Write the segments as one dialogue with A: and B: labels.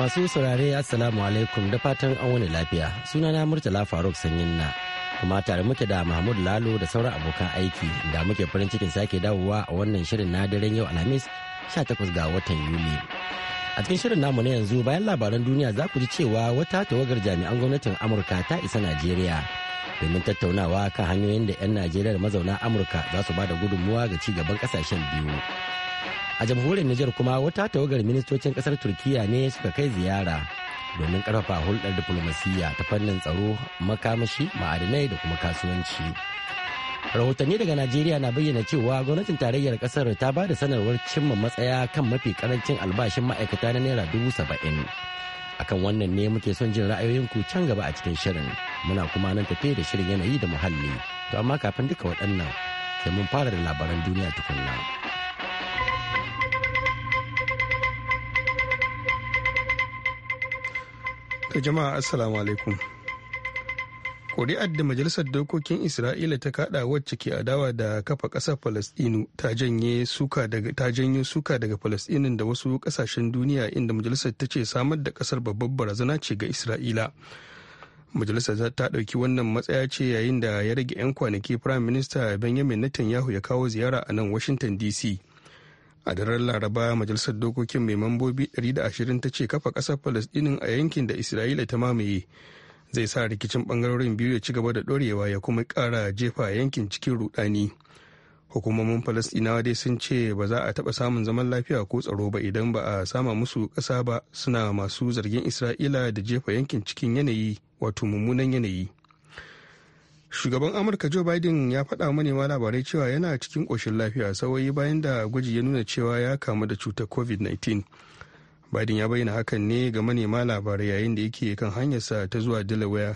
A: Masu saurare Assalamu alaikum da fatan an wani lafiya. Sunana Murtala Faruk Sanyin na kuma tare muke da Mahmud Lalo da sauran abokan aiki da muke farin cikin sake dawowa a wannan shirin na daren yau Alhamis 18 ga watan Yuli. A cikin shirin namu na yanzu bayan labaran duniya za ku ji cewa wata tawagar jami'an gwamnatin Amurka ta isa Najeriya domin tattaunawa kan hanyoyin da 'yan Najeriya da mazauna Amurka za su ba da gudunmuwa ga ci gaban kasashen biyu. a jamhuriyar Nijar kuma wata tawagar ministocin kasar Turkiya ne suka kai ziyara domin karfafa hulɗar diflomasiyya ta fannin tsaro makamashi ma'adinai da kuma kasuwanci. Rahotanni daga Najeriya na bayyana cewa gwamnatin tarayyar kasar ta ba da sanarwar cimma matsaya kan mafi karancin albashin ma'aikata na naira dubu saba'in. Akan wannan ne muke son jin ra'ayoyinku can gaba a cikin shirin muna kuma nan tafe da shirin yanayi da muhalli. To amma kafin duka waɗannan
B: sai mun fara da labaran duniya tukunna. ta jama'a assalamu alaikum. Kuri'ar da Majalisar Dokokin Isra'ila ta kaɗa wacce ke adawa da kafa ƙasar Falasɗinu ta janyo suka daga Falastinu da wasu ƙasashen duniya inda majalisar ta ce samar da ƙasar babbar barazana ce ga Isra'ila. Majalisar ta ɗauki wannan matsaya ce yayin da ya rage 'yan kwanaki Firayim Minista Benjamin Netanyahu ya kawo ziyara a nan Washington DC. a daren laraba majalisar dokokin mai mambobi 120 ta ce kafa ƙasar palestinin a yankin da isra'ila ta mamaye zai sa rikicin bangarorin biyu ya ci gaba da ɗorewa ya kuma ƙara jefa yankin cikin rudani hukumomin palestinawa dai sun ce ba za a taba samun zaman lafiya ko tsaro ba idan ba a sama musu ƙasa ba suna masu zargin isra'ila da jefa yankin cikin yanayi wato mummunan yanayi shugaban amurka joe biden ya faɗa manema labarai cewa yana cikin ƙoshin lafiya sauyi bayan da gwaji ya nuna cewa ya kamu da cutar covid-19 biden ya bayyana hakan ne ga manema labarai yayin da yake kan hanyarsa ta zuwa delaware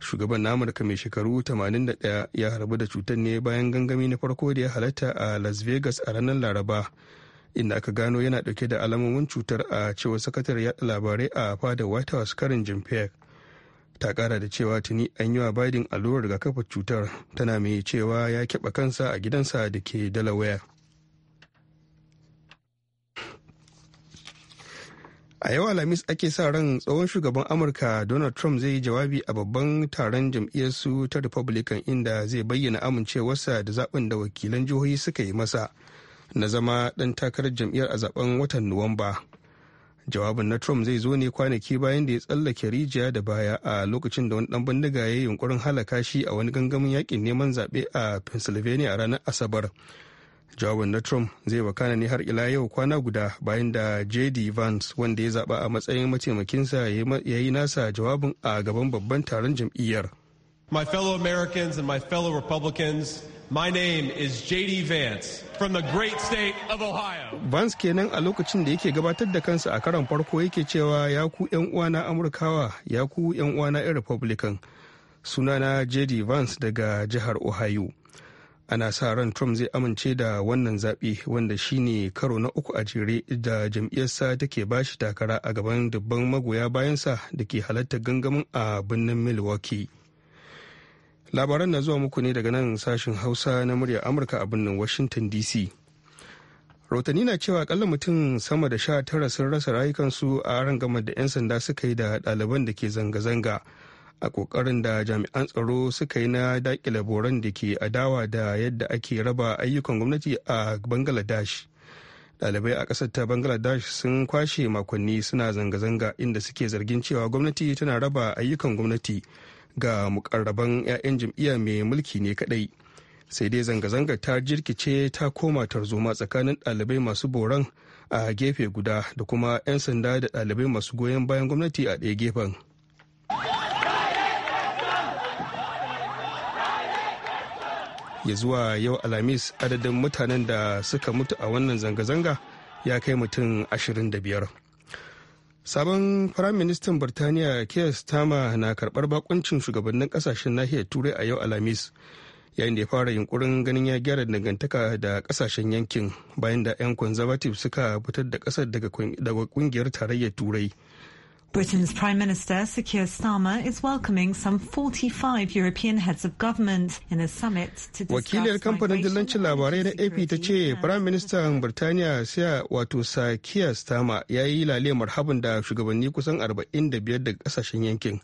B: shugaban na amurka mai shekaru 81 ya harbu da cutar ne bayan gangami na farko da ya halatta a las vegas a ranar laraba inda aka gano yana dauke da alamomin cutar a cewa sakatar yada labarai a fadar white house karin jim ta kara da cewa tuni an yi wa biden allurar rigakafin cutar tana mai cewa ya keɓe kansa a gidansa da ke delaware a yau alhamis ake sa ran tsohon shugaban amurka donald trump zai yi jawabi a babban taron jam'iyyarsu ta republican inda zai bayyana amincewarsa da zaben da wakilan jihohi suka yi masa na zama ɗan takarar jam'iyyar a zaben watan nuwamba jawabin na trump zai zo ne kwanaki bayan da ya tsallake rijiya da baya a lokacin da wani dan bindiga ya yi yunkurin halaka shi a wani gangamin yakin neman zaɓe a pennsylvania a ranar asabar jawabin na trump zai wakana ne har ila yau kwana guda bayan da jd vance wanda ya zaɓa a matsayin mataimakinsa ya yi nasa jawabin a gaban babban taron jam'iyyar my fellow americans and my fellow republicans My name is JD Vance from the great state of Ohio. Vance kenan a lokacin da yake gabatar da kansa a karon farko yake cewa ya ku 'yan uwana Amurkawa ya ku 'yan uwana 'yan Republican. Sunana JD Vance daga jihar Ohio. Ana sa ran Trump zai amince da wannan zaɓe wanda shine karo na uku a jere da jam'iyyarsa take bashi takara a gaban dubban magoya bayansa da ke halartar gangamin a birnin Milwaukee. labaran na zuwa muku ne daga nan sashen hausa na murya amurka a birnin washington dc rotani na cewa akalla mutum sama da sha tara sun rasa rayukansu a gama da 'yan sanda suka yi da ɗaliban da ke zanga-zanga a kokarin da jami'an tsaro suka yi na dakile boran da ke adawa da yadda ake raba ayyukan gwamnati a bangladesh ɗalibai a ƙasar ta bangladesh sun kwashe makonni suna zanga-zanga inda suke zargin cewa gwamnati tana raba ayyukan gwamnati ga mukarraban 'ya'yan jam'iyya mai mulki ne kadai sai dai zanga zanga ta jirkice ta koma tarzoma tsakanin ɗalibai masu boran a gefe guda da kuma 'yan sanda da ɗalibai masu goyon bayan gwamnati a ɗaya gefen ya zuwa yau alhamis adadin mutanen da suka mutu a wannan zanga-zanga ya kai mutum 25 sabon firaministan birtaniya keir starmer na karbar bakuncin shugabannin kasashen nahiyar turai a yau alhamis yayin da ya fara yunkurin ganin ya gyara dangantaka da kasashen yankin bayan da 'yan conservative suka fitar da kasar daga kungiyar tarayyar turai
C: Britain's Prime Minister, Sakir Starmer, is welcoming some 45 European heads of government in a summit to discuss wakiliyar kamfanin
B: dillancin labarai na AP ta ce Prime Minister Birtaniya Siya wato Sakir Starmer ya yi lale marhaban da shugabanni kusan 45 daga kasashen yankin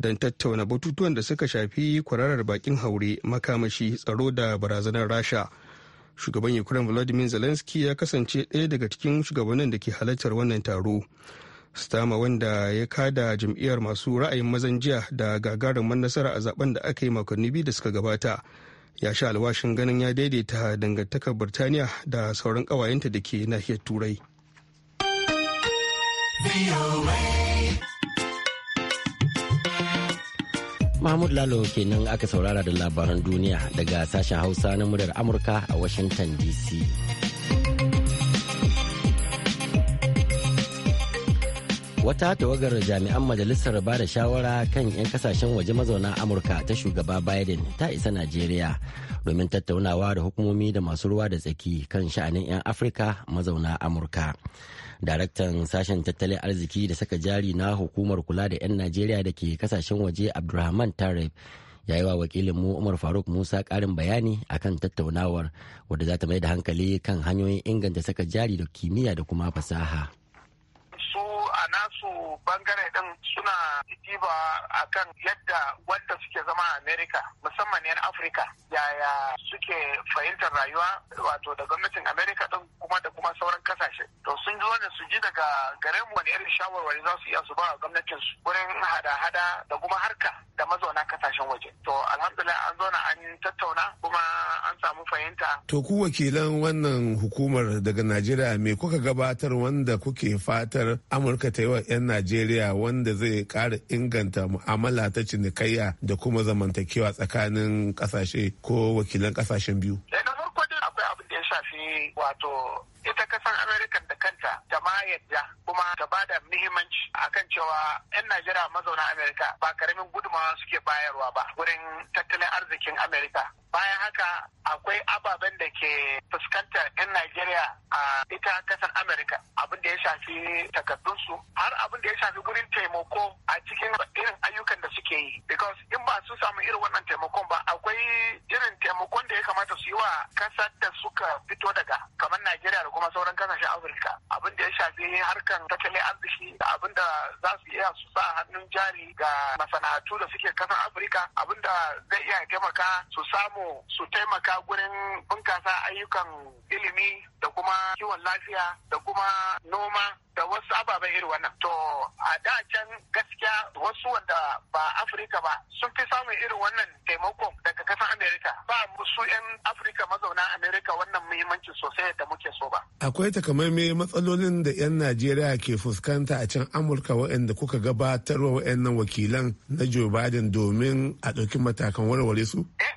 B: don tattauna batutuwan da suka shafi kwararar bakin haure makamashi tsaro da barazanar Rasha. Shugaban Ukraine Volodymyr Zelensky ya kasance ɗaya daga cikin shugabannin da ke halartar wannan taro. stama wanda ya kada jam'iyyar masu ra'ayin mazan jiya da gagarumin nasara a zaben da aka yi makonni biyu da suka gabata ya sha alwashin ganin ya daidaita dangantakar birtaniya da sauran ƙawayenta da ke nahiyar turai
A: Mahmud Lalo kenan aka saurara da labaran duniya daga sashen Hausa na muryar Amurka a Washington DC. wata tawagar jami'an majalisar ba da shawara kan 'yan kasashen waje mazauna amurka ta shugaba biden ta isa najeriya domin tattaunawa da hukumomi da masu ruwa da tsaki kan sha'anin 'yan afirka mazauna amurka daraktan sashen tattalin arziki da saka jari na hukumar kula da 'yan najeriya da ke kasashen waje abdulrahman tarif ya yi wa wakilin mu umar faruk musa karin bayani akan tattaunawar wadda za ta mai da hankali kan hanyoyin inganta saka jari da kimiyya da kuma fasaha.
D: bangare din suna a kan yadda wanda suke zama a Amerika musamman yan Afirka yaya suke fahimtar rayuwa wato da gwamnatin Amerika
E: din kuma da kuma sauran kasashe. To sun ji wannan su ji daga gare mu wani irin shawarwari za su iya su ba gwamnatin su wurin hada-hada da kuma harka da mazauna kasashen waje. To alhamdulillah an zauna an tattauna
D: kuma an samu fahimta.
E: To ku wakilan wannan hukumar daga Najeriya me kuka gabatar wanda kuke fatar Amurka ta yi wa 'yan Najeriya wanda zai ƙara inganta mu'amala ta cinikayya da kuma zamantakewa tsakanin ƙasashe ko wakilan ƙasashen biyu. Eh,
D: akwai kasashe wato ita kasar amerika da kanta ta ma yadda kuma ta ba da muhimmanci akan cewa 'yan najeriya mazauna amerika ba karamin gudunmawa suke bayarwa ba wurin tattalin arzikin amerika bayan haka akwai ababen da ke fuskantar 'yan najeriya a ita kasan amerika abin da ya shafi takardunsu har abin da ya shafi gurin taimako a cikin irin ayyukan da suke yi because in ba su samu irin wannan taimakon ba akwai irin taimakon da ya kamata su yi wa kasar da suka fito daga kamar Najeriya da kuma sauran kasashen Afirka abin da ya shafi harkar tattalin arziki da abin da za su iya su sa hannun jari ga masana'antu da suke kasar Afirka abin da zai iya taimaka su samu su taimaka gurin bunkasa ayyukan ilimi da kuma kiwon lafiya da kuma noma da wasu ababen irin wannan to a da can gaskiya wasu wanda ba Afirka ba sun fi samun irin wannan taimakon daga kasar Amerika ba su 'yan Afirka mazauna Amerika wannan
E: muhimmanci sosai da muke so ba. Akwai takamaimai matsalolin da 'yan Najeriya ke fuskanta a can Amurka wa'anda kuka gabatarwa waɗannan wakilan na Joe Biden domin a ɗauki matakan warware su?
D: Eh,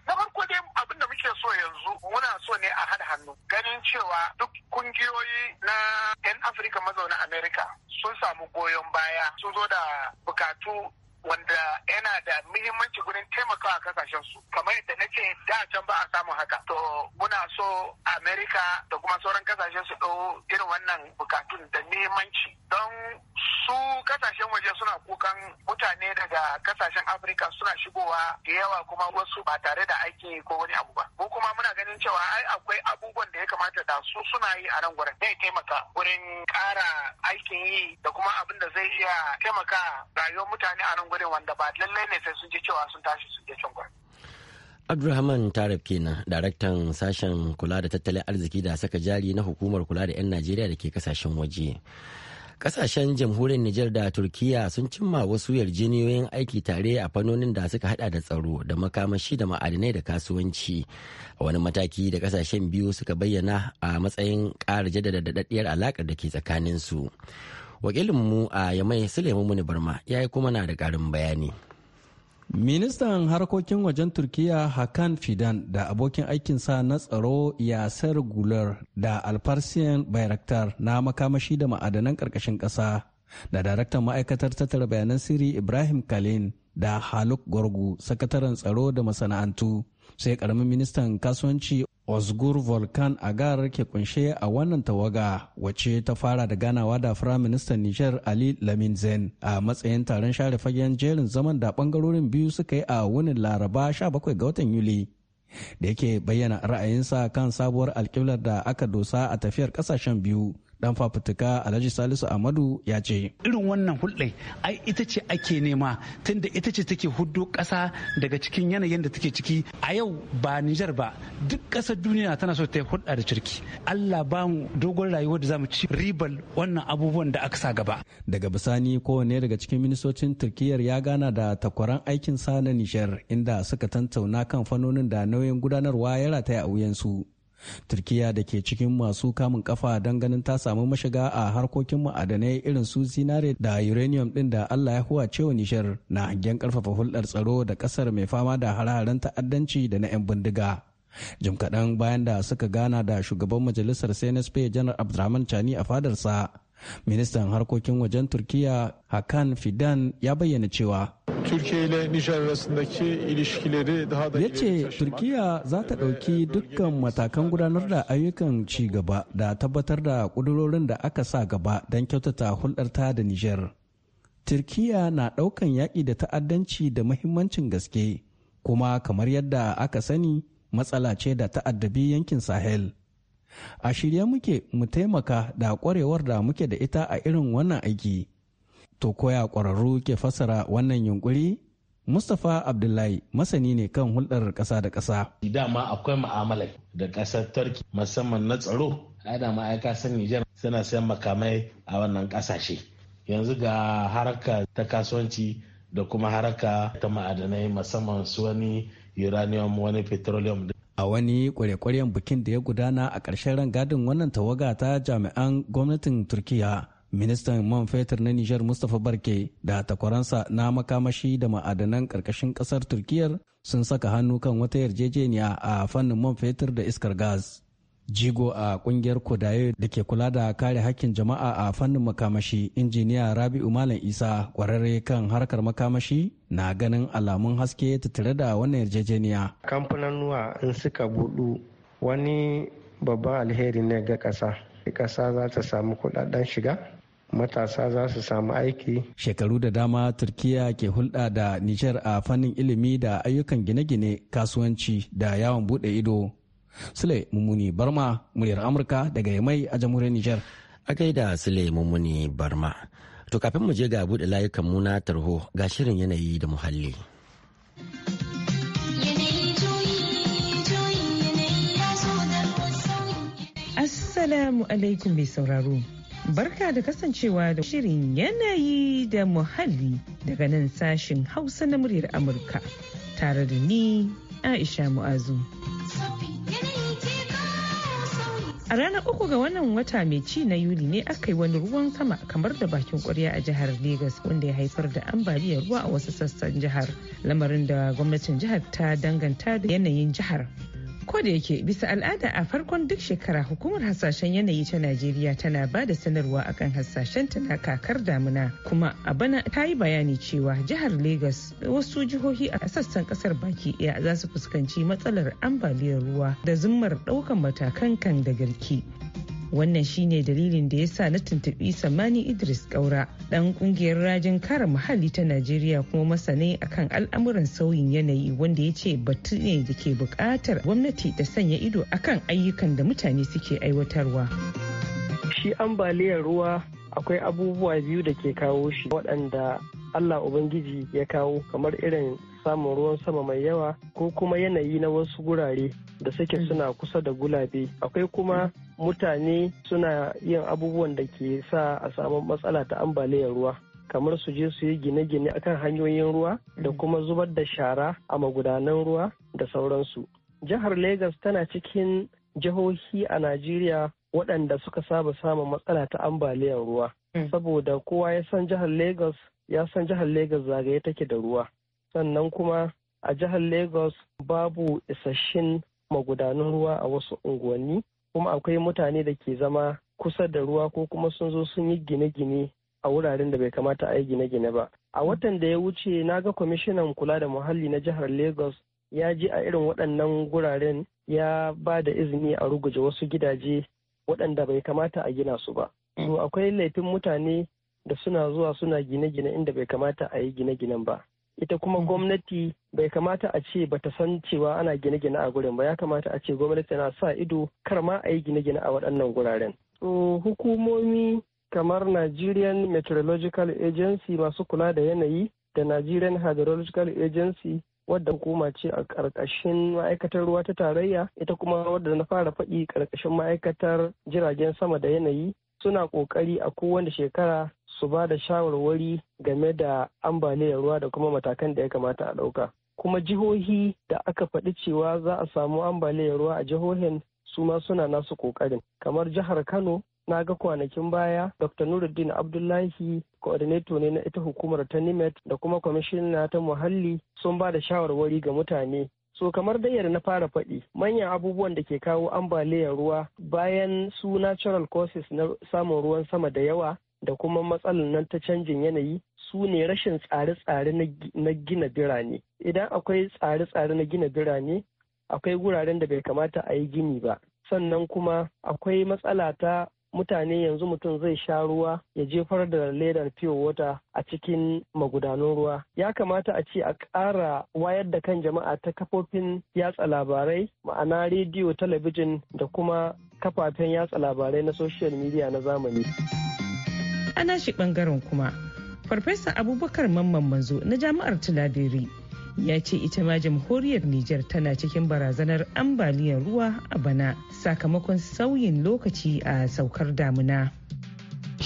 D: ganin cewa duk kungiyoyi na 'yan afirka mazauna amerika sun samu goyon baya sun zo da bukatu wanda yana da muhimmanci gurin taimakawa kasashen su ce da can ba a samu haka to muna so america da kuma sauran kasashe su ɗau irin wannan bukatun da nemanci don su kasashen waje suna kukan mutane daga kasashen afirka suna shigowa da yawa kuma wasu ba tare da aiki ko wani abu ba Ko kuma muna ganin cewa ai akwai abubuwan da ya kamata da su suna yi a nan gurin zai taimaka wurin ƙara aikin yi da kuma abin da zai iya taimaka rayuwar mutane a nan gurin wanda ba lallai ne sai sun ji cewa
A: sun tashi sun je can gurin Abdulrahman Tarab kenan, daraktan sashen kula da tattalin arziki da saka jari na hukumar kula da 'yan Najeriya da ke kasashen waje. Kasashen jamhuriyar Nijar da Turkiyya sun cimma wasu yarjejeniyoyin aiki tare a fannonin da suka hada da tsaro da makamashi da ma'adinai da kasuwanci. A wani mataki da kasashen biyu suka bayyana a matsayin ƙara jaddada daɗaɗɗiyar alaƙar da ke tsakaninsu. Wakilinmu a Yamai Suleiman Muni Barma ya yi kuma na da ƙarin bayani.
F: Ministan harkokin wajen Turkiya Hakan Fidan da abokin aikinsa na tsaro Yasser Guler da Alfarsiyan Bayraktar na makamashi da ma'adanan ƙarƙashin ƙasa da daraktan ma'aikatar tattara bayanan sirri Ibrahim Kalin da Haluk Gorgu sakataren tsaro da masana'antu sai ƙaramin ministan kasuwanci osgur volkan agar ke kunshe a wannan tawaga wacce ta fara da ganawa da firaministan niger ali lamin zen a matsayin taron share fagen jerin zaman da bangarorin biyu suka yi a wunin laraba 17 ga watan yuli da yake bayyana ra'ayinsa kan sabuwar alkiblar da aka dosa a tafiyar kasashen biyu dan fafutuka alhaji salisu
G: amadu ya ce irin wannan hulɗai ai ita ce ake nema tunda ita ce take hudu ƙasa daga cikin yanayin da take ciki a yau ba nijar ba duk ƙasar duniya tana so ta yi hulɗa da cirki allah ba mu dogon rayuwar da za mu ci ribal wannan abubuwan da aka sa gaba
F: daga bisani kowane daga cikin ministocin turkiyyar ya gana da takwaran aikin sa na nijar inda suka tantauna kan fannonin da nauyin gudanarwa ya rataya a wuyansu turkiya da ke cikin masu kamun kafa don ganin ta samu mashiga a harkokin ma'adanai irin su zinare da uranium din da allah ya huwa cewa nishar na hangen karfafa hulɗar tsaro da ƙasar mai fama da hare-haren ta'addanci da na 'yan bindiga jim kaɗan bayan da suka gana da shugaban majalisar cnsp janar abdulrahman chani a fadarsa ministan harkokin wajen turkiya hakan fidan ya bayyana cewa
E: Türkiye
H: Ya ce
F: Turkiya za ta ɗauki dukkan matakan gudanar da ayyukan ci gaba da tabbatar da ƙudurorin da aka sa gaba don kyautata hulɗar ta da Nijar. Turkiya na ɗaukan yaƙi da ta'addanci da muhimmancin gaske kuma kamar yadda aka sani matsala ce da ta'addabi yankin Sahel. A shirye muke mu taimaka da ƙwarewar da muke da ita a irin wannan aiki. To koya ƙwararru ke fassara wannan yunkuri? Mustapha Abdullahi masani ne kan hulɗar ƙasa da ƙasa.
H: Dama akwai ma'amala da ƙasar Turki musamman na tsaro. Ada ma'aika san Nijar suna sayan makamai a
A: wannan ƙasashe.
H: Yanzu ga haraka ta kasuwanci da kuma haraka ta ma'adanai musamman su wani uranium wani petroleum.
F: A wani kware bikin da ya gudana a ƙarshen rangadin wannan tawaga ta jami'an gwamnatin Turkiya. ministan man fetur na nijar mustapha barke da takwaransa na makamashi da ma'adanan karkashin ƙasar turkiyar sun saka hannu kan wata yarjejeniya a fannin man fetur da iskar gas jigo a ƙungiyar kodayo da ke kula da kare hakkin jama'a a fannin makamashi injiniya rabi'u malam isa kwararre kan harkar makamashi na ganin alamun haske ta tattare da wannan yarjejeniya
I: kamfanin nuwa in suka budu wani babban alheri ne ga ƙasa ƙasa za ta samu kudaden shiga matasa za su samu aiki.
F: Shekaru da dama Turkiyya ke hulɗa da Nijar a fannin ilimi da ayyukan gine-gine kasuwanci da yawon buɗe ido. Sule Mummuni Barma, muryar Amurka daga mai a jamhuriyar Nijar. A da Sule Mummuni
A: Barma. To kafin mu je ga buɗe layukan muna tarho ga shirin yanayi da muhalli.
C: Assalamu alaikum mai sauraro. Barka da kasancewa da shirin yanayi da muhalli daga nan sashin Hausa na muryar Amurka tare da ni Aisha Mu'azu. A ranar uku ga wannan wata mai ci na Yuli ne aka yi wani ruwan sama kamar da bakin kwarya a jihar Legas wanda ya haifar da ambaliyar ruwa a wasu sassan jihar. Lamarin da gwamnatin jihar ta danganta da yanayin jihar. ko yake bisa al'ada a farkon duk shekara hukumar hasashen yanayi ta najeriya tana ba da sanarwa akan hasashen ta na kakar damuna kuma a bana ta yi bayani cewa jihar lagos wasu jihohi a sassan kasar baki ɗaya za su fuskanci matsalar ambaliyar ruwa da zummar ɗaukan matakan kan da girki Wannan shine dalilin da ya sa na tuntubi Samani Idris Kaura, dan kungiyar rajin kare muhalli ta Najeriya kuma masanai akan al'amuran sauyin yanayi wanda ya ce batu ne da ke bukatar gwamnati ta sanya ido akan ayyukan da mutane suke aiwatarwa.
I: Shi ambaliyar ruwa akwai abubuwa biyu da ke kawo shi waɗanda Allah Ubangiji ya kawo kamar irin samun ruwan sama mai yawa ko kuma yanayi na wasu gurare da suke suna kusa da gulabe akwai kuma mutane suna yin abubuwan da ke sa a samu matsala ta ambaliyar ruwa kamar su je su yi gine-gine akan hanyoyin ruwa da kuma zubar da shara a magudanan ruwa da sauransu jihar Legas tana cikin jihohi a najeriya waɗanda suka saba samun matsala ta ambaliyar ruwa hmm. saboda kowa ya san jihar Legas ya san jihar Legas zagaye take da ruwa sannan kuma a jihar Legas babu isasshin magudanan ruwa a wasu unguwanni kuma akwai mutane da ke zama kusa da ruwa ko kuma sun zo sun yi gine-gine a wuraren da bai kamata a yi gine-gine ba a watan da ya wuce na ga kwamishinan kula da muhalli na jihar lagos ya ji a irin waɗannan guraren ya ba da izini a ruguje wasu gidaje waɗanda bai kamata a gina su ba to akwai laifin mutane da suna zuwa suna gine-gine inda bai kamata a yi gine-ginen ba ita kuma mm. gwamnati bai kamata a ce bata san cewa ana gine-gine a gurin ba ya kamata a ce gwamnati na sa ido kar ma a yi gine-gine a waɗannan guraren. So hukumomi kamar Nigerian Meteorological Agency masu kula da yanayi da Nigerian Hydrological Agency wadda hukuma ce a ƙarƙashin ma'aikatar ruwa ta tarayya ita kuma wadda na fara faɗi ƙarƙashin ma'aikatar jiragen sama da yanayi suna ƙoƙari a kowane shekara su ba da shawarwari game da ambaliyar ruwa da kuma matakan da ya kamata a ɗauka. Kuma jihohi da aka faɗi cewa za a samu ambaliyar ruwa a jihohin su ma suna nasu ƙoƙarin. Kamar jihar Kano na ga kwanakin baya Dr. Nuruddin Abdullahi coordinator ne na ita hukumar ta NIMET da kuma kwamishina ta muhalli sun ba da shawarwari ga mutane so kamar da na fara faɗi manyan abubuwan da ke kawo ambaliyar ruwa bayan su natural causes na samun ruwan sama da yawa da kuma matsalar nan ta canjin yanayi su ne rashin tsare-tsare na gina birane idan akwai tsare-tsare na gina birane akwai wuraren da bai kamata a yi gini ba sannan kuma akwai matsala ta mutane yanzu mutum zai sha ruwa ya jefar da ledar pure water a cikin magudanun ruwa ya kamata a ce a ƙara wayar da kan jama'a ta kafofin yatsa labarai ma'ana rediyo talabijin da kuma kafafen yatsa labarai na social media na zamani.
C: a nashi bangaren kuma farfesa abubakar mamman manzo na jami'ar Tuladeri ya ce ita ma jamhuriyar Nijar tana cikin barazanar ambaliyar ruwa a bana sakamakon sauyin lokaci a saukar damuna.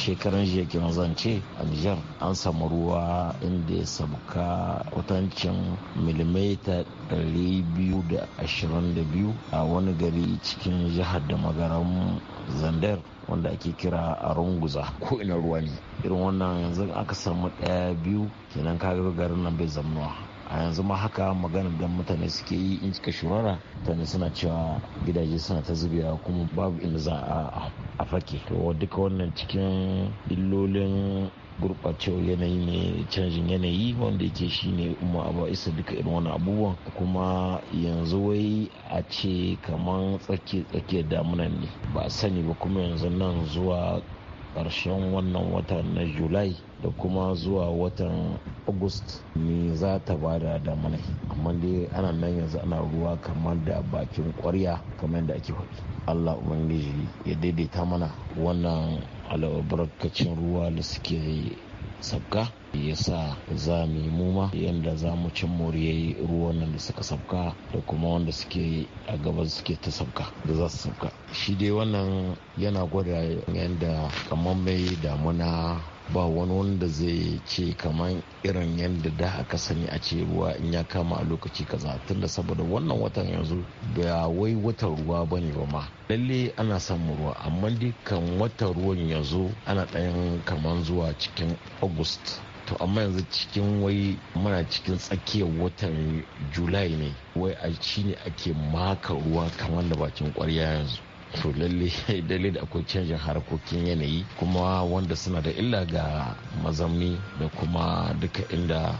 H: shekaran jiya zance a Nijar an samu ruwa inda ya sabuka kwatancin milimita 222 a wani gari cikin jihar da magaran zandar wanda ake kira a runguza ko ina ruwa ne irin wannan yanzu aka samu ɗaya biyu kenan kaga garin nan bai zamuwa a yanzu ma haka maganar da mutane suke yi in cika shurara mutane suna cewa gidaje suna ta zubewa kuma babu inda za a fake to duka wannan cikin illolin gurɓacewar yanayi ne canjin yanayi wanda yake shi ne umma abu isa duka irin wani abubuwan kuma yanzu wai a ce kamar tsakiyar damunan ne ba a sani ba kuma yanzu nan zuwa karshen wannan watan na julai da kuma zuwa watan august ne za ta bada da mana amma dai ana nan yanzu ana ruwa kamar da bakin kwarya kamar yadda ake faɗi allah ubangiji ya daidaita mana wannan albarkacin ruwa da suke sauka ya sa za mu yi muma yadda za mu cin moriyayi ruwan nan da suka sabka da kuma wanda suke a gaban suke ta sabka da za su sabka shi dai wannan yana gwada yadda kamar mai damuna ba wani wanda zai ce kamar irin yadda da aka sani a ce ruwa in ya kama a lokaci kaza tunda saboda wannan watan yanzu ba wai watan ruwa ba ne ba ma lalle ana samun ruwa amma dai watan ruwan yanzu ana ɗayan kamar zuwa cikin august to amma yanzu cikin wai mana cikin tsakiyar watan julai ne wai a shi ne ake maka ruwa kamar da bakin kwarya yanzu to lalle dalilin akwai canjin harkokin yanayi kuma wanda suna da illa ga mazamni da kuma duka inda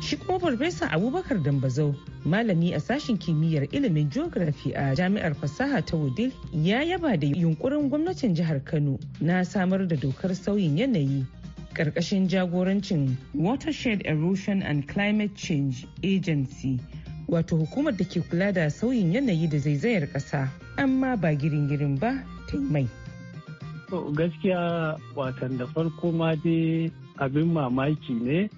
C: shi kuma farfesa abubakar dambazau malami a sashen kimiyyar ilimin geography a jami'ar fasaha ta wudil ya yaba da yunkurin gwamnatin jihar kano na samar da dokar sauyin yanayi ƙarƙashin jagorancin watershed erosion and climate change agency wato hukumar da ke kula da sauyin yanayi da zaizayar ƙasa amma ba girin-girin ba ta mai. gaskiya
G: watan da farko ma dai abin mamaki ne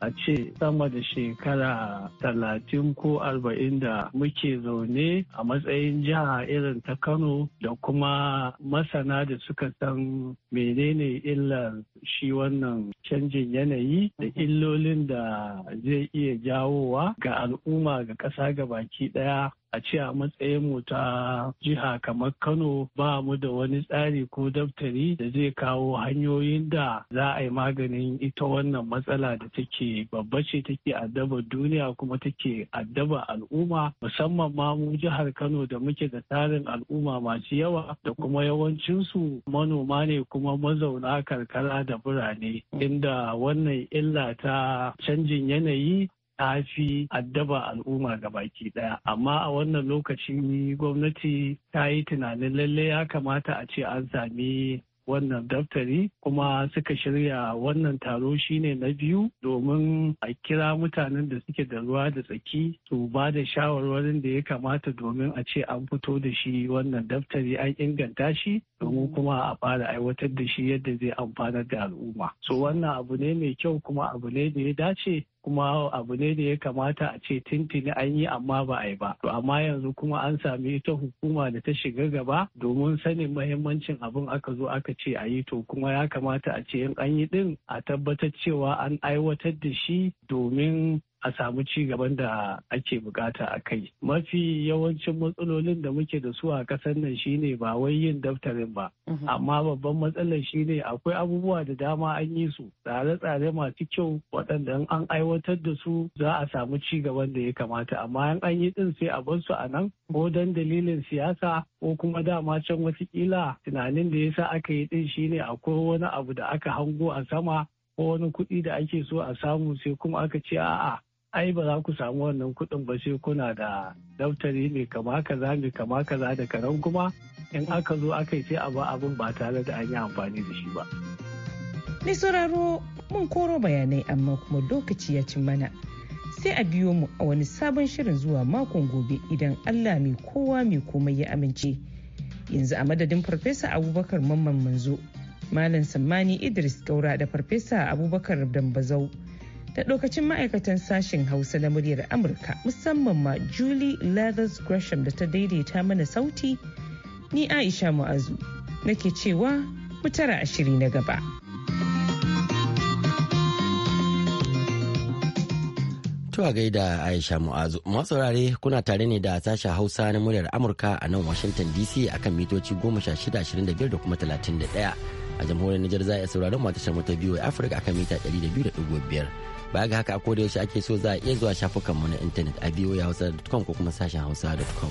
G: a ce sama da shekara talatin ko arba'in da muke zaune a matsayin jiha irin ta Kano da kuma masana da suka san menene illar shi wannan canjin yanayi da illolin da zai iya jawowa ga al'umma ga ƙasa ga baki ɗaya a ce a matsayin mu ta jiha kamar Kano ba mu da wani tsari ko daftari da zai kawo hanyoyin da za a yi maganin ita wannan matsala da take babba ce take addaba duniya kuma take addaba al'umma musamman ma mu jihar Kano da muke da tarin al'umma masu yawa da kuma yawancinsu manoma ne kuma kuma mazauna karkara da birane mm. inda wannan illa ta canjin yanayi ta fi addaba al'umma ga baki daya amma a wannan lokaci gwamnati ta yi tunanin lalle ya kamata a ce an sami wannan daftari kuma suka shirya wannan taro shine na biyu domin a kira mutanen da suke da ruwa da tsaki su ba da shawarwarin da ya kamata domin a ce an fito da shi wannan daftari an inganta shi domin kuma a fara aiwatar da shi yadda zai amfanar da al'umma so wannan abu ne mai kyau kuma abu ne da ya dace kuma abu ne da ya kamata a ce tintini an yi amma ba a yi ba to amma yanzu kuma an sami ita hukuma da ta shiga gaba domin sanin mahimmancin abin aka zo aka ce a yi to kuma ya kamata a ce in an yi din a tabbatar cewa an aiwatar da shi domin a samu ci gaban da ake bukata a kai mafi yawancin matsalolin da muke da su a kasar nan shine ba wai yin daftarin ba mhm. amma babban matsalar shine akwai abubuwa da dama an yi su tsare-tsare masu kyau waɗanda an aiwatar da su za a samu ci gaban da ya kamata amma an yi din sai a bar su a nan ko dan dalilin siyasa ko kuma dama can watakila tunanin da yasa aka yi din shine akwai wani abu da aka hango a sama ko wani kuɗi da ake so a samu sai kuma aka ce a'a ai ba za ku samu wannan kuɗin ba sai kuna da daftari mai kama kaza mai kama kaza da karan kuma in aka zo aka yi sai a ba abin ba tare da an yi amfani da shi ba.
C: Ni sauraro mun koro bayanai amma kuma lokaci ya ci mana sai a biyo mu a wani sabon shirin zuwa makon gobe idan Allah mai kowa mai komai ya amince. Yanzu a madadin Farfesa Abubakar Mamman Manzo, Malam Sammani Idris Gaura da Farfesa Abubakar Dambazau. da lokacin ma'aikatan sashen hausa na muryar amurka musamman ma julie leathers gresham da ta daidaita mana sauti ni aisha mu'azu nake cewa mutara ashiri na gaba
A: Tuwa gaida Aisha Mu'azu. masu wurare kuna tare ne da sashen Hausa na muryar Amurka a nan Washington DC akan mitoci 1625 da kuma 31. A jamhuriyar Nijar za a sauraron matashar mata biyu a Afirka akan mita 200.5. ba ga haka ko da yaushe ake so za a iya zuwa shafukan mu na intanet a hausa da ko kuma sashen hausa.com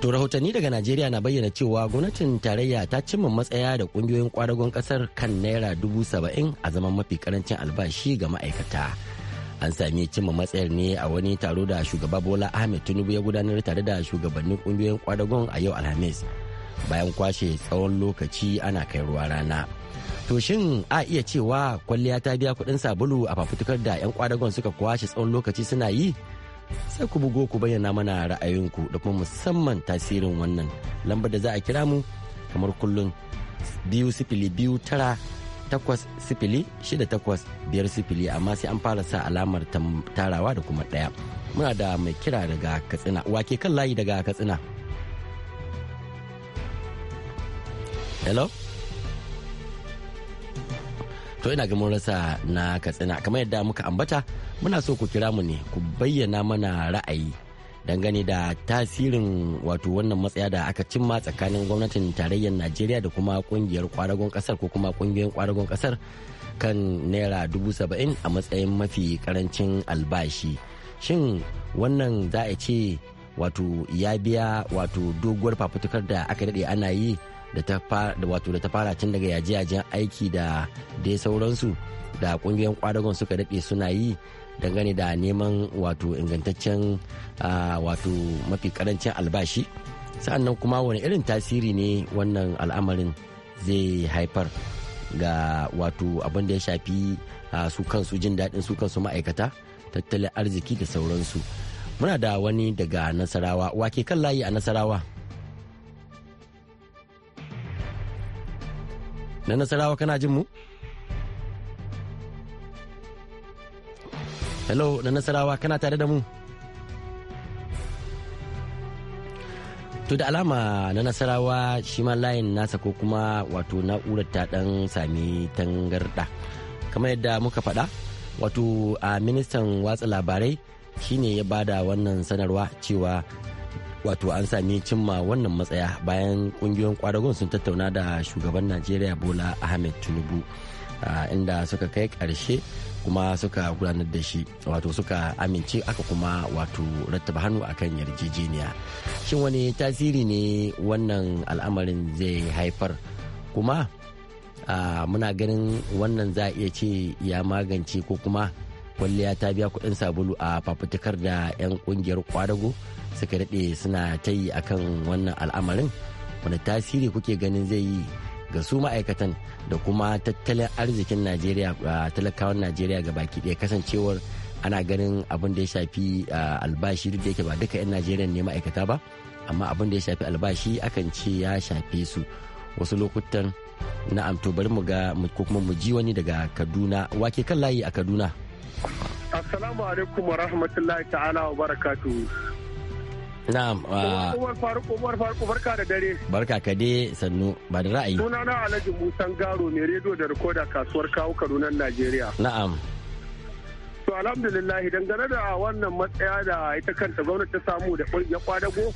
A: To rahotanni daga Najeriya na bayyana cewa gwamnatin tarayya ta cimma matsaya da kungiyoyin kwadagon kasar kan naira dubu saba'in a zaman mafi karancin albashi ga ma'aikata. An sami cimma matsayar ne a wani taro da shugaba Bola Ahmed Tinubu ya gudanar tare da shugabannin kungiyoyin kwadagon a yau Alhamis. Bayan kwashe tsawon lokaci ana kai ruwa rana. To shin a iya cewa kwalliya ta biya kuɗin sabulu a fafutukar da 'yan kwadagon suka kwashe tsawon lokaci suna yi? Sai ku bugo ku bayyana mana ra'ayinku da kuma musamman tasirin wannan lambar da za a kira mu kamar kullum biyu sifili biyu tara takwas sifili shida takwas biyar sifili amma sai an fara sa alamar tarawa da kuma ɗaya. Muna da mai kira daga Katsina, wake kan layi daga Katsina. Hello? to ina ga mun rasa na katsina kamar yadda muka ambata muna so ku kira mu ne ku bayyana mana ra'ayi dangane da tasirin wato wannan matsaya da aka cimma tsakanin gwamnatin tarayyar najeriya da kuma kungiyar kwaragon kasar ko kuma kungiyoyin kwaragon kasar kan naira dubu saba'in a matsayin mafi karancin albashi shin wannan za a ce wato ya biya wato doguwar fafutukar da aka daɗe ana yi da ta fara tun daga yaje yajin aiki da dai sauransu da kungiyoyin kwadagon suka daɗe suna yi dangane da neman wato ingantaccen wato mafi karancin albashi sannan kuma wani irin tasiri ne wannan al'amarin zai haifar ga wato abin da ya shafi su kansu jin daɗin su kansu ma'aikata tattalin arziki da sauransu muna da wani daga nasarawa wake kan layi a nasarawa na nasarawa kana jin mu hello na nasarawa kana tare da mu to da alama na nasarawa shi ma layin nasa ko kuma wato na'urar ta dan sami tangarda kamar yadda muka faɗa wato a ministan watsa labarai shine ya bada wannan sanarwa cewa wato an sami cimma wannan matsaya bayan kungiyoyin kwadagon sun tattauna da shugaban najeriya bola ahmed tinubu inda suka kai karshe kuma suka gudanar da shi wato suka amince aka kuma wato rattaba hannu akan yarjejeniya shin wani tasiri ne wannan al'amarin zai haifar kuma muna ganin wannan za a iya ce ya magance ko kuma kwalliya ta biya kuɗin sabulu a fafutukar da 'yan ƙungiyar kwadago suka daɗe suna ta yi akan wannan al'amarin wani tasiri kuke ganin zai yi ga su ma'aikatan da kuma tattalin arzikin najeriya talakawan najeriya ga baki ɗaya kasancewar ana ganin abin da ya shafi albashi duk da yake ba duka 'yan najeriya ne ma'aikata ba amma abin da ya shafi albashi akan ce ya shafe su wasu lokutan na amto bari mu ga ko kuma mu ji wani daga kaduna wake kan layi a kaduna
E: assalamu alaikum wa rahmatullahi ta'ala wa barakatuhu
A: Na'am. Ah.
E: Umar Faruk Umar Faruk barka da dare.
A: Barka ka dai sannu ba da ra'ayi. Suna
E: na Alhaji Musan Garo mai rediyo da rikoda kasuwar kawo Kaduna Najeriya. Na'am. To alhamdulillah dangane da wannan matsaya da ita kanta gwamnati ta samu da ya kwadago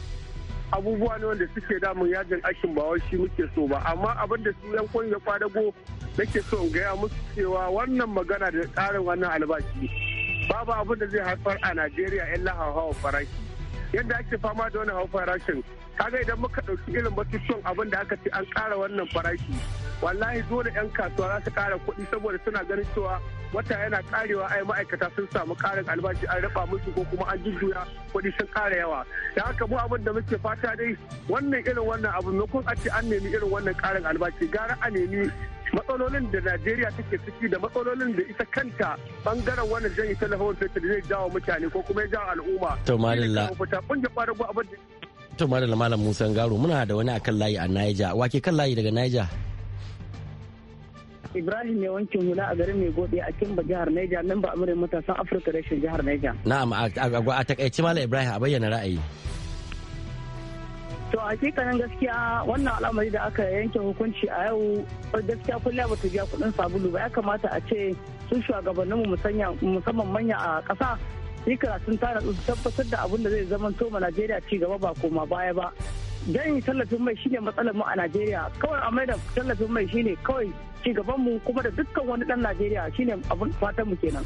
E: abubuwa ne wanda suke damun yajin ashin ba wai shi muke so ba amma abin da su yan ya kwadago nake so in gaya musu cewa wannan magana da tsarin wannan albashi babu abin da zai haifar a Najeriya illa hawa farashi. yadda ake fama da wani hau farashin kaga idan muka ɗauki irin batutuwan abin da aka ce an ƙara wannan farashi wallahi dole 'yan kasuwa za su ƙara kuɗi saboda suna ganin cewa wata yana karewa ai ma'aikata sun samu ƙarin albashi an raba musu ko kuma an jujjuya kuɗi sun ƙara yawa da haka mu abin da muke fata dai wannan irin wannan abu kun a ce an nemi irin wannan ƙarin albashi gara a nemi matsalolin da najeriya take ciki da matsalolin da ita kanta bangaren wannan janyi talafawar fetur zai jawo mutane ko kuma ya jawo al'umma to malalla
A: to malalla malam musa garo muna da wani akan layi a naija wake kan layi daga naija
I: Ibrahim ya wankin hula a garin mai gode a Kimba jihar Niger nan ba amurin matasan Afirka rashin jihar Niger.
A: Na'am a takaice Malam Ibrahim a bayyana ra'ayi.
I: to a kanan gaskiya wannan al'amari da aka yanke hukunci a yau gaskiya kulle ba ta biya kudin sabulu ba ya kamata a ce sun su mu musamman manya a ƙasa yi sun tana su tabbatar da abun da zai zama ma najeriya ci gaba ba koma baya ba dan tallafin mai shine matsalar mu a najeriya kawai a maida tallafin mai shine kawai ci gaban mu kuma da dukkan wani dan najeriya shine abin fatan mu kenan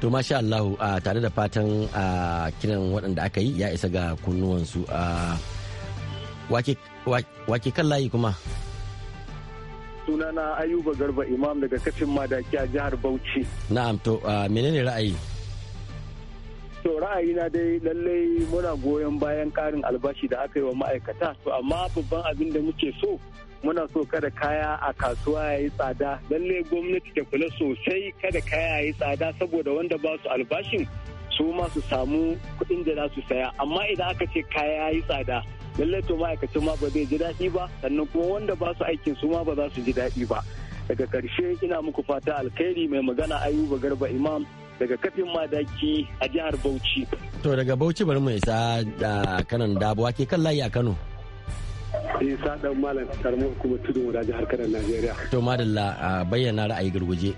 A: to masha Allah a tare da fatan a kiran waɗanda aka yi ya isa ga kunnuwansu a wake kan layi kuma sunana ayuba
E: garba imam daga kafin madaki a jihar bauchi
A: na'am to menene ra'ayi
E: to ra'ayina dai lallai muna goyon bayan karin albashi da aka yi wa ma'aikata to amma babban abin da muke so muna so kada kaya a kasuwa ya yi tsada lalle gwamnati ta kula sosai kada kaya ya yi tsada saboda wanda ba su albashin su ma su samu kuɗin da za su saya amma idan aka ce kaya ya yi tsada lalle to ma'aikacin ma ba zai ji daɗi ba sannan kuma wanda ba su aikin su ma ba za su ji daɗi ba daga karshe ina muku fata alkhairi mai magana ayuba garba imam daga kafin madaki a jihar bauchi
A: to daga bauchi bari mu isa da ah, kanan dabuwa ke kan layi a kano
E: sa dan malam karamar hukumar tudun wada harkar najeriya
A: to madalla bayyana ra'ayi garguje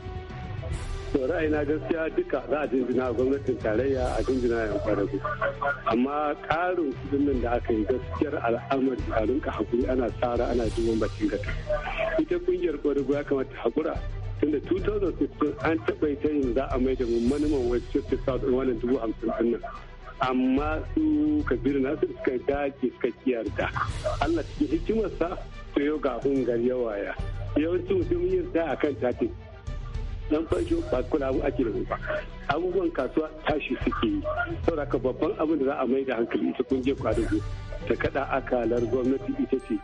E: to ra'ayina gaskiya duka za a jinjina gwamnatin tarayya a jinjina yan kwadago amma karin kudin nan da aka yi gaskiyar al'amari a rinka hakuri ana tsara ana duban bakin gata ita kungiyar kwadago ya kamata hakura tunda 2016 an taɓa ta yin za a mai da mummanin wajen 50,000 wannan dubu hamsin nan amma su kabiru nasu suka dace suka kiyarta allah cikin hikimarsa to yau ga hungar yawaya yawancin mutum yin sa a kan tatin dan farko ba kula abu ake da ba abubuwan kasuwa tashi suke yi saboda ka babban abin da za a mai da hankali ita kun je kwadugo ta kada akalar gwamnati ita ce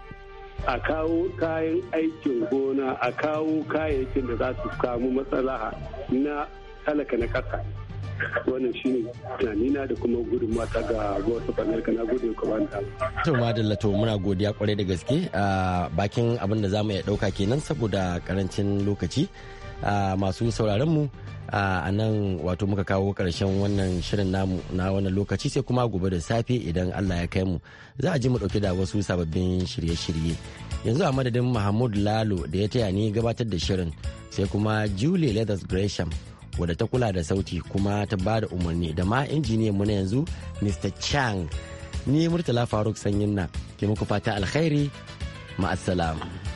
E: a kawo kayan aikin gona a kawo kayayyakin da za su samu matsalaha na talaka na ƙasa wannan ne tunanina da kuma gudun mata ga voice of na gode ku banda
A: to madalla to muna godiya kwarai da gaske a bakin abin da zamu iya ɗauka kenan saboda karancin lokaci masu sauraron mu a nan wato muka kawo karshen wannan shirin namu na wannan lokaci sai kuma gobe da safe idan Allah ya kai mu za a ji mu dauke da wasu sababbin shirye-shirye yanzu a madadin Mahmud Lalo da ya taya ni gabatar da shirin sai kuma Julie Leathers Gresham wadda ta kula da sauti kuma ta ba da umarni da ma injiniyan mu na yanzu mr chang ni murtala faruk sanyin na ke muku fata alkhairi ma'assalam.